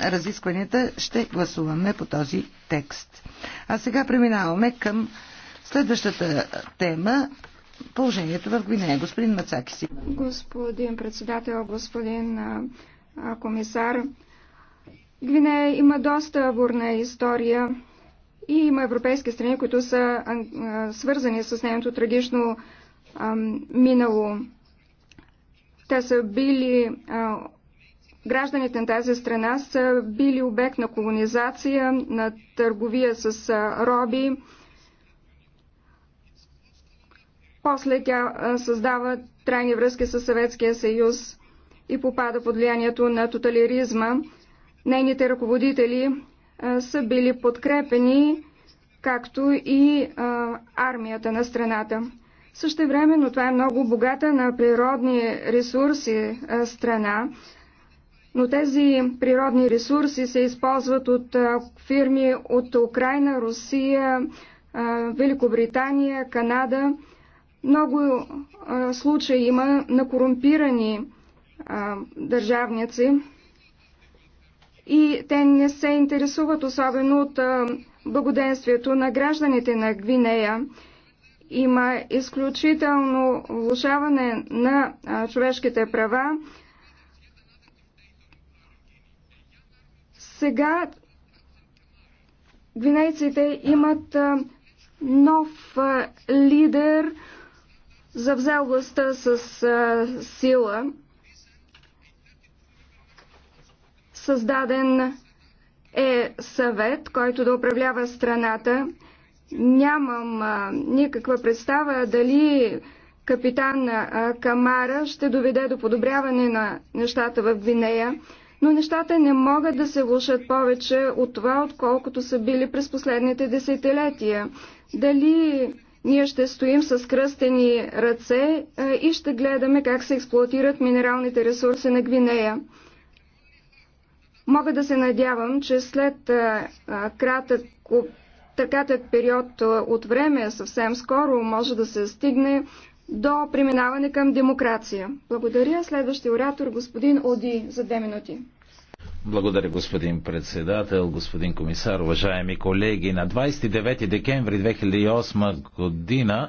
разискванията ще гласуваме по този текст. А сега преминаваме към следващата тема положението в Гвинея. Господин Мацаки си. Господин председател, господин комисар, Гвинея има доста бурна история и има европейски страни, които са свързани с нейното трагично минало. Те са били Гражданите на тази страна са били обект на колонизация, на търговия с роби. После тя създава трайни връзки с Съветския съюз и попада под влиянието на тоталиризма. Нейните ръководители са били подкрепени, както и армията на страната. Също времено това е много богата на природни ресурси страна. Но тези природни ресурси се използват от фирми от Украина, Русия, Великобритания, Канада. Много случаи има на корумпирани държавници и те не се интересуват особено от благоденствието на гражданите на Гвинея. Има изключително влушаване на човешките права Сега гвинейците имат нов лидер, за завзел властта с сила, създаден е съвет, който да управлява страната. Нямам а, никаква представа дали капитан а, Камара ще доведе до подобряване на нещата в Гвинея но нещата не могат да се влушат повече от това, отколкото са били през последните десетилетия. Дали ние ще стоим с кръстени ръце е, и ще гледаме как се експлуатират минералните ресурси на Гвинея. Мога да се надявам, че след е, е, кратък, период от време, съвсем скоро, може да се стигне до преминаване към демокрация. Благодаря. Следващия оратор, господин Оди, за две минути. Благодаря, господин председател, господин комисар, уважаеми колеги. На 29 декември 2008 година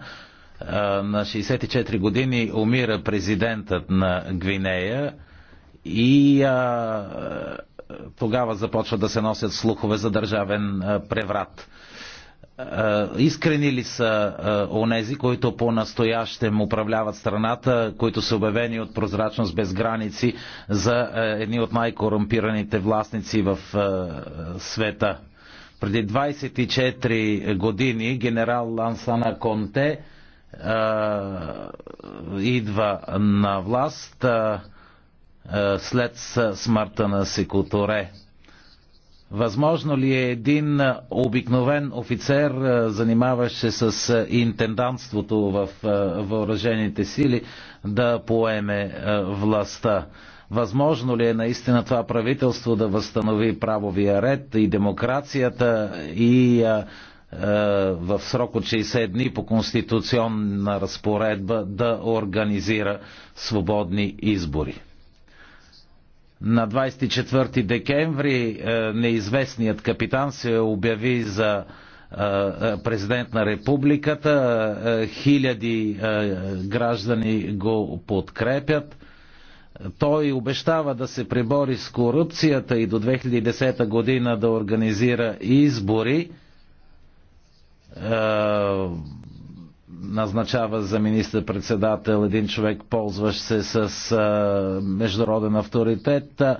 на 64 години умира президентът на Гвинея и а, тогава започва да се носят слухове за държавен преврат. Е, искрени ли са е, онези, които по-настоящем управляват страната, които са обявени от прозрачност без граници за е, едни от най-корумпираните властници в света? Преди 24 години генерал Лансана Конте идва на власт след смъртта на Секуторе. Възможно ли е един обикновен офицер, занимаващ се с интендантството в въоръжените сили, да поеме властта? Възможно ли е наистина това правителство да възстанови правовия ред и демокрацията и в срок от 60 дни по конституционна разпоредба да организира свободни избори? На 24 декември е, неизвестният капитан се обяви за е, президент на републиката. Е, хиляди граждани го подкрепят. Той обещава да се прибори с корупцията и до 2010 година да организира избори назначава за министър-председател един човек, ползващ се с а, международен авторитет, а,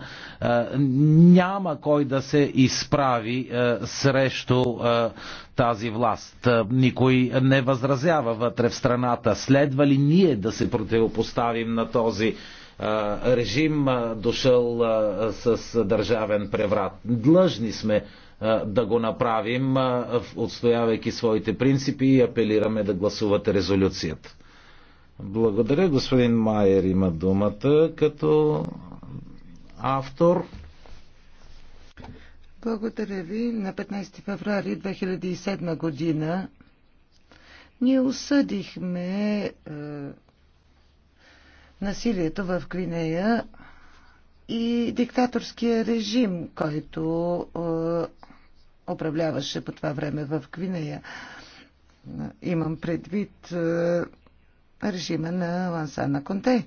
няма кой да се изправи а, срещу а, тази власт. Никой не възразява вътре в страната. Следва ли ние да се противопоставим на този режим, дошъл с държавен преврат. Длъжни сме да го направим, отстоявайки своите принципи и апелираме да гласувате резолюцията. Благодаря. Господин Майер има думата като автор. Благодаря ви. На 15 феврари 2007 година ние осъдихме е, насилието в Гвинея и диктаторския режим, който е, управляваше по това време в Квинея, Имам предвид е, режима на Лансана Конте,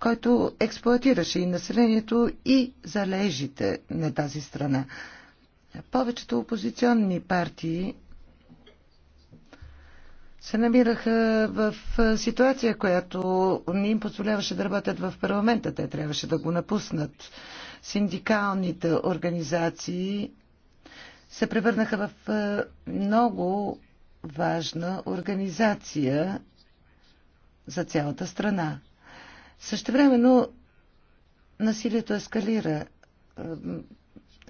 който експлуатираше и населението, и залежите на тази страна. Повечето опозиционни партии се намираха в ситуация, която не им позволяваше да работят в парламента. Те трябваше да го напуснат. Синдикалните организации се превърнаха в много важна организация за цялата страна. времено насилието ескалира.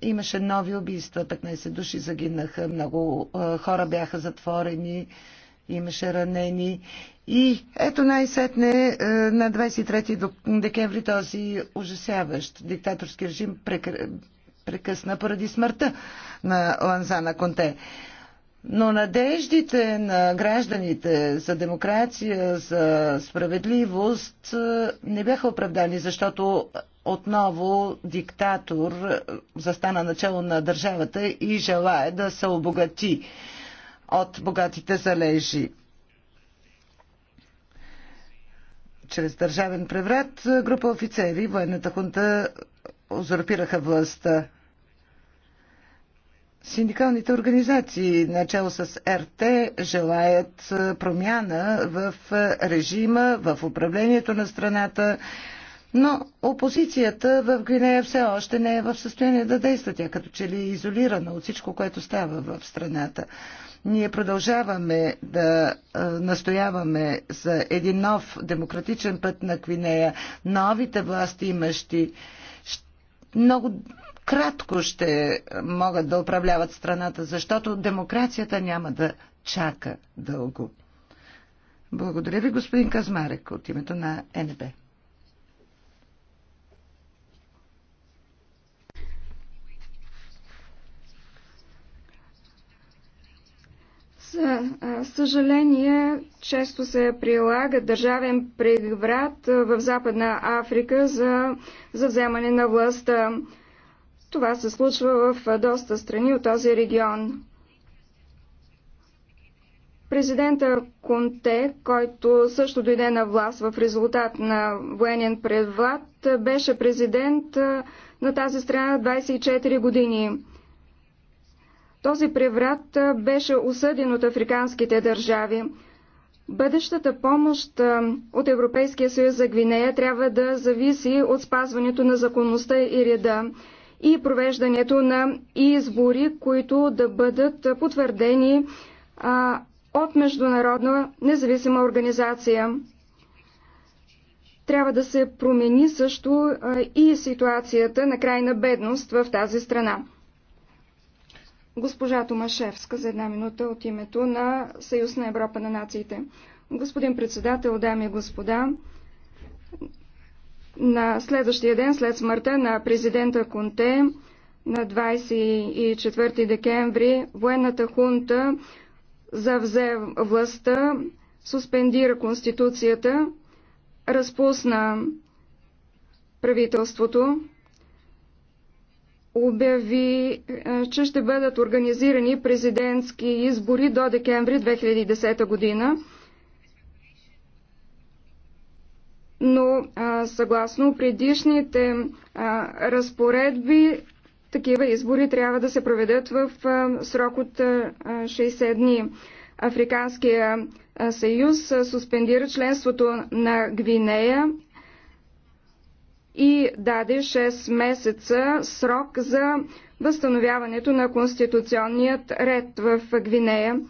Имаше нови убийства, 15 души загинаха, много хора бяха затворени имаше ранени. И ето най-сетне е, на 23 декември този ужасяващ диктаторски режим прекъсна поради смъртта на Ланзана Конте. Но надеждите на гражданите за демокрация, за справедливост е, не бяха оправдани, защото отново диктатор е, застана начало на държавата и желая да се обогати от богатите залежи. Чрез държавен преврат група офицери, военната хунта, узурпираха властта. Синдикалните организации, начало с РТ, желаят промяна в режима, в управлението на страната, но опозицията в Гвинея все още не е в състояние да действа. Тя като че ли е изолирана от всичко, което става в страната. Ние продължаваме да настояваме за един нов демократичен път на Гвинея. Новите власти имащи много кратко ще могат да управляват страната, защото демокрацията няма да чака дълго. Благодаря ви, господин Казмарек, от името на НБ. съжаление, често се прилага държавен преврат в Западна Африка за, за вземане на властта. Това се случва в доста страни от този регион. Президента Конте, който също дойде на власт в резултат на военен преврат, беше президент на тази страна 24 години. Този преврат беше осъден от африканските държави. Бъдещата помощ от Европейския съюз за Гвинея трябва да зависи от спазването на законността и реда и провеждането на избори, които да бъдат потвърдени от международна независима организация. Трябва да се промени също и ситуацията на крайна бедност в тази страна. Госпожа Томашевска за една минута от името на Съюз на Европа на нациите. Господин председател, дами и господа, на следващия ден след смъртта на президента Конте на 24 декември военната хунта завзе властта, суспендира конституцията, разпусна правителството, обяви, е, че ще бъдат организирани президентски избори до декември 2010 година. Но съгласно предишните разпоредби, такива избори трябва да се проведат в срок от 60 дни. Африканския съюз суспендира членството на Гвинея и даде 6 месеца срок за възстановяването на конституционният ред в Гвинея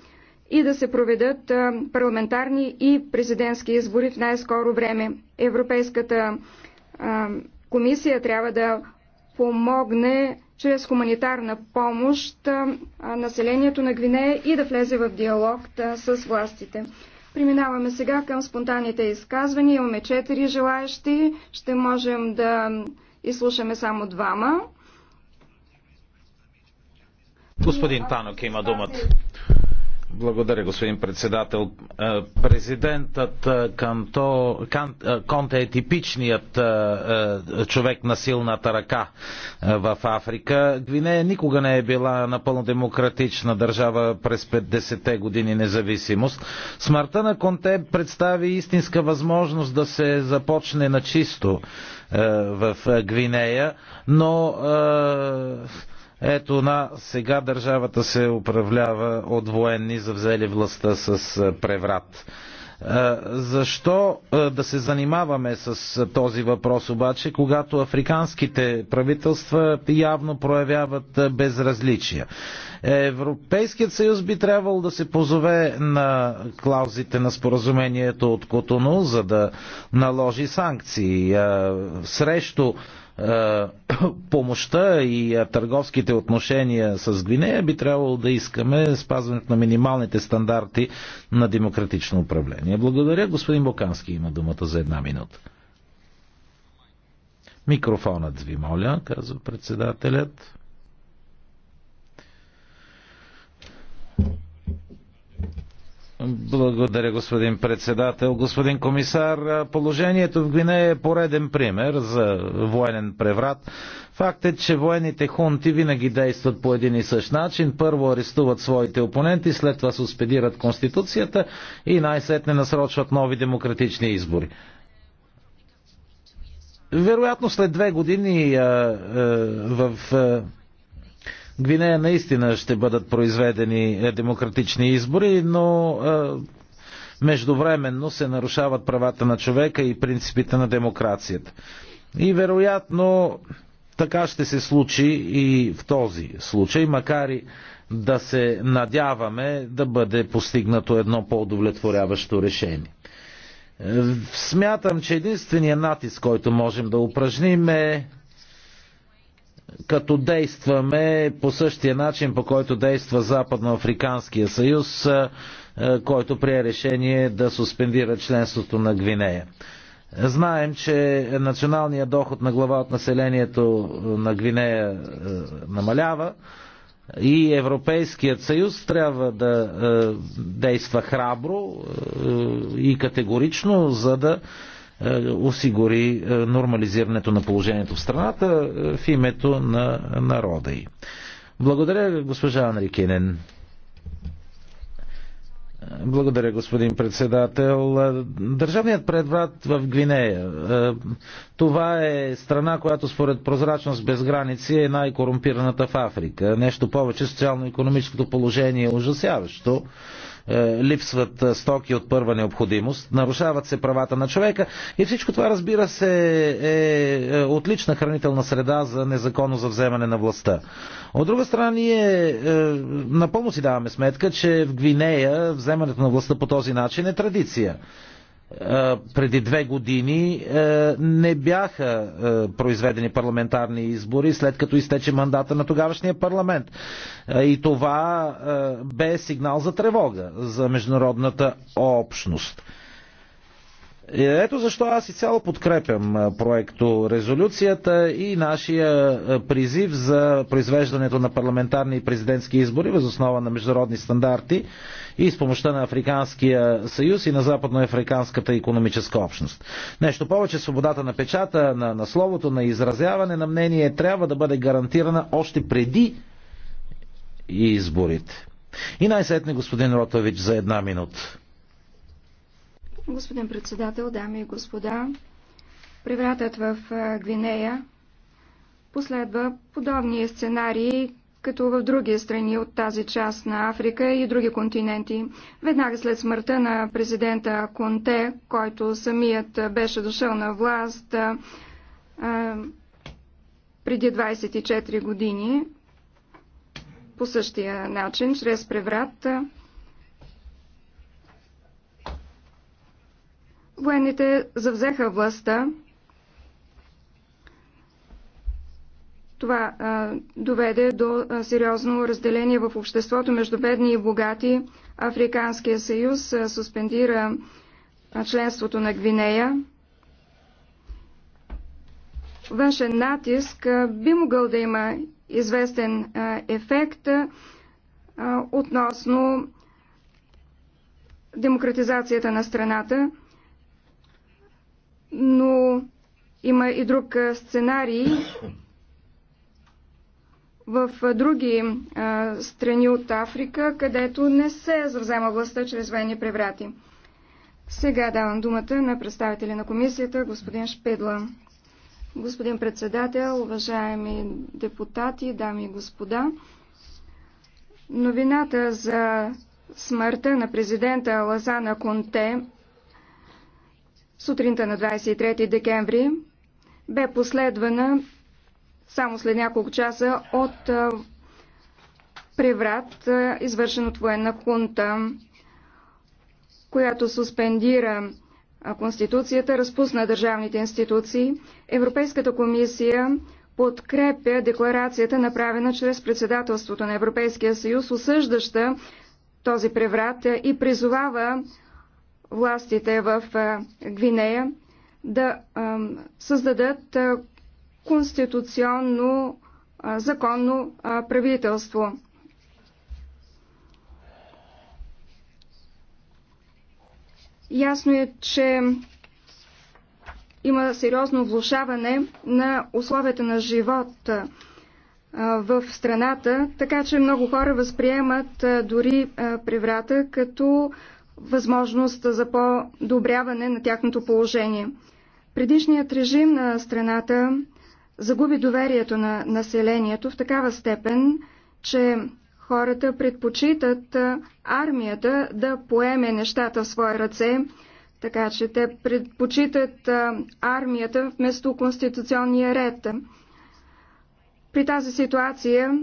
и да се проведат парламентарни и президентски избори в най-скоро време. Европейската комисия трябва да помогне чрез хуманитарна помощ населението на Гвинея и да влезе в диалог с властите. Преминаваме сега към спонтанните изказвания. Имаме четири желаящи. Ще можем да изслушаме само двама. Господин Панок има думата. Благодаря, господин председател. Е, президентът е, Канто, Кан, е, Конте е типичният човек на силната ръка в Африка. Гвинея никога не е била напълно демократична държава през 50-те години независимост. Смъртта на Конте представи истинска възможност да се започне на чисто в Гвинея, но ето на сега държавата се управлява от военни, завзели властта с е, преврат. Е, защо е, да се занимаваме с този въпрос обаче, когато африканските правителства явно проявяват безразличия? Европейският съюз би трябвало да се позове на клаузите на споразумението от Котону, за да наложи санкции срещу е, помощта и е, търговските отношения с Гвинея, би трябвало да искаме спазването на минималните стандарти на демократично управление. Благодаря. Господин Бокански има думата за една минута. Микрофонът ви, моля, казва председателят. Благодаря, господин председател. Господин комисар, положението в Гвинея е пореден пример за военен преврат. Факт е, че военните хунти винаги действат по един и същ начин. Първо арестуват своите опоненти, след това суспедират конституцията и най-сетне насрочват нови демократични избори. Вероятно след две години а, а, в. А, Гвинея наистина ще бъдат произведени е, демократични избори, но е, междувременно се нарушават правата на човека и принципите на демокрацията. И вероятно така ще се случи и в този случай, макар и да се надяваме да бъде постигнато едно по-удовлетворяващо решение. Е, смятам, че единственият натиск, който можем да упражним е като действаме по същия начин, по който действа Западноафриканския съюз, който прие решение да суспендира членството на Гвинея. Знаем, че националният доход на глава от населението на Гвинея намалява и Европейският съюз трябва да действа храбро и категорично, за да е, осигури е, нормализирането на положението в страната е, в името на народа й. Благодаря, госпожа Анрикинен. Благодаря, господин председател. Държавният предврат в Гвинея. Това е страна, която според прозрачност без граници е най-корумпираната в Африка. Нещо повече, социално-економическото положение е ужасяващо е, липсват е, стоки от първа необходимост, нарушават се правата на човека и всичко това, разбира се, е, е отлична хранителна среда за незаконно за вземане на властта. От друга страна, ние напълно си даваме сметка, че в Гвинея вземането на властта по този начин е традиция преди две години не бяха произведени парламентарни избори, след като изтече мандата на тогавашния парламент. И това бе сигнал за тревога за международната общност. Ето защо аз изцяло подкрепям проекто резолюцията и нашия призив за произвеждането на парламентарни и президентски избори въз основа на международни стандарти и с помощта на Африканския съюз и на Западноафриканската економическа общност. Нещо повече, свободата на печата, на, на словото, на изразяване на мнение трябва да бъде гарантирана още преди изборите. И най-сетне господин Ротович за една минута. Господин председател, дами и господа, превратът в Гвинея последва подобни сценарии, като в други страни от тази част на Африка и други континенти. Веднага след смъртта на президента Конте, който самият беше дошъл на власт а, преди 24 години, по същия начин, чрез преврат, Военните завзеха властта. Това а, доведе до а, сериозно разделение в обществото между бедни и богати. Африканския съюз а, суспендира а, членството на Гвинея. Външен натиск а, би могъл да има известен а, ефект а, относно демократизацията на страната но има и друг сценарий. В други а, страни от Африка, където не се завзема властта чрез военни преврати. Сега давам думата на представителя на комисията, господин Шпедла. Господин председател, уважаеми депутати, дами и господа, новината за смъртта на президента Лазана Конте сутринта на 23 декември бе последвана само след няколко часа от преврат, извършен от военна хунта, която суспендира Конституцията, разпусна държавните институции. Европейската комисия подкрепя декларацията, направена чрез председателството на Европейския съюз, осъждаща този преврат и призовава властите в Гвинея да създадат конституционно законно правителство. Ясно е, че има сериозно влушаване на условията на живот в страната, така че много хора възприемат дори преврата като възможност за по-добряване на тяхното положение. Предишният режим на страната загуби доверието на населението в такава степен, че хората предпочитат армията да поеме нещата в своя ръце, така че те предпочитат армията вместо конституционния ред. При тази ситуация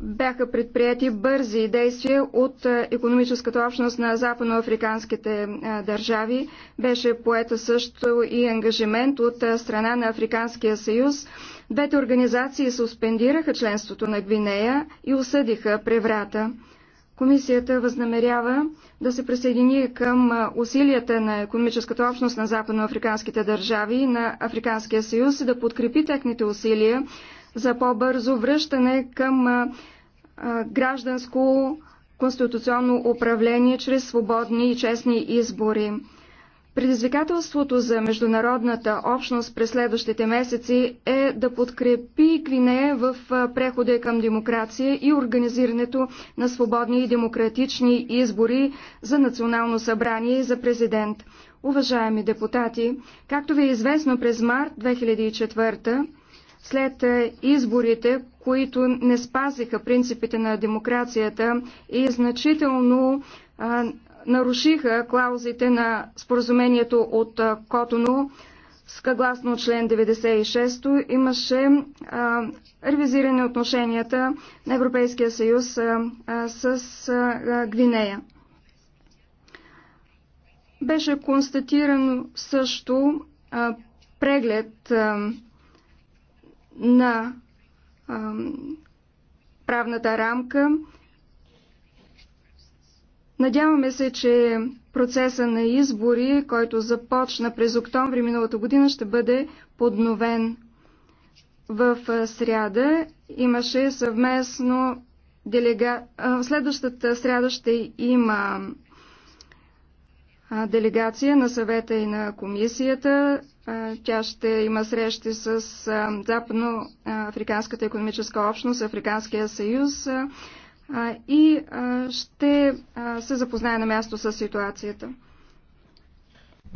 бяха предприяти бързи действия от економическата общност на западноафриканските държави. Беше поета също и ангажимент от страна на Африканския съюз. Двете организации суспендираха членството на Гвинея и осъдиха преврата. Комисията възнамерява да се присъедини към усилията на економическата общност на западноафриканските държави и на Африканския съюз и да подкрепи техните усилия за по-бързо връщане към гражданско конституционно управление чрез свободни и честни избори. Предизвикателството за международната общност през следващите месеци е да подкрепи Квинея в прехода към демокрация и организирането на свободни и демократични избори за национално събрание и за президент. Уважаеми депутати, както ви е известно през март 2004 след е, изборите, които не спазиха принципите на демокрацията и значително а, нарушиха клаузите на споразумението от Котоно, съгласно член 96 имаше а, ревизиране отношенията на Европейския съюз а, а, с а, Гвинея. Беше констатирано също а, преглед а, на правната рамка. Надяваме се, че процеса на избори, който започна през октомври миналата година, ще бъде подновен. В сряда имаше съвместно делега... Следващата сряда ще има делегация на съвета и на комисията тя ще има срещи с Западноафриканската економическа общност, Африканския съюз и ще се запознае на място с ситуацията.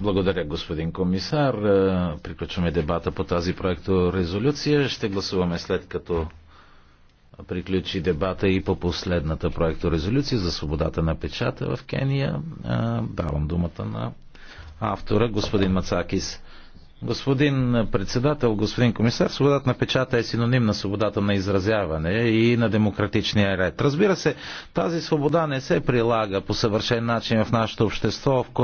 Благодаря, господин комисар. Приключваме дебата по тази проекто резолюция. Ще гласуваме след като приключи дебата и по последната проекто резолюция за свободата на печата в Кения. Давам думата на автора, господин Мацакис. Господин председател, господин комисар, свободата на печата е синоним на свободата на изразяване и на демократичния ред. Разбира се, тази свобода не се прилага по съвършен начин в нашето общество, в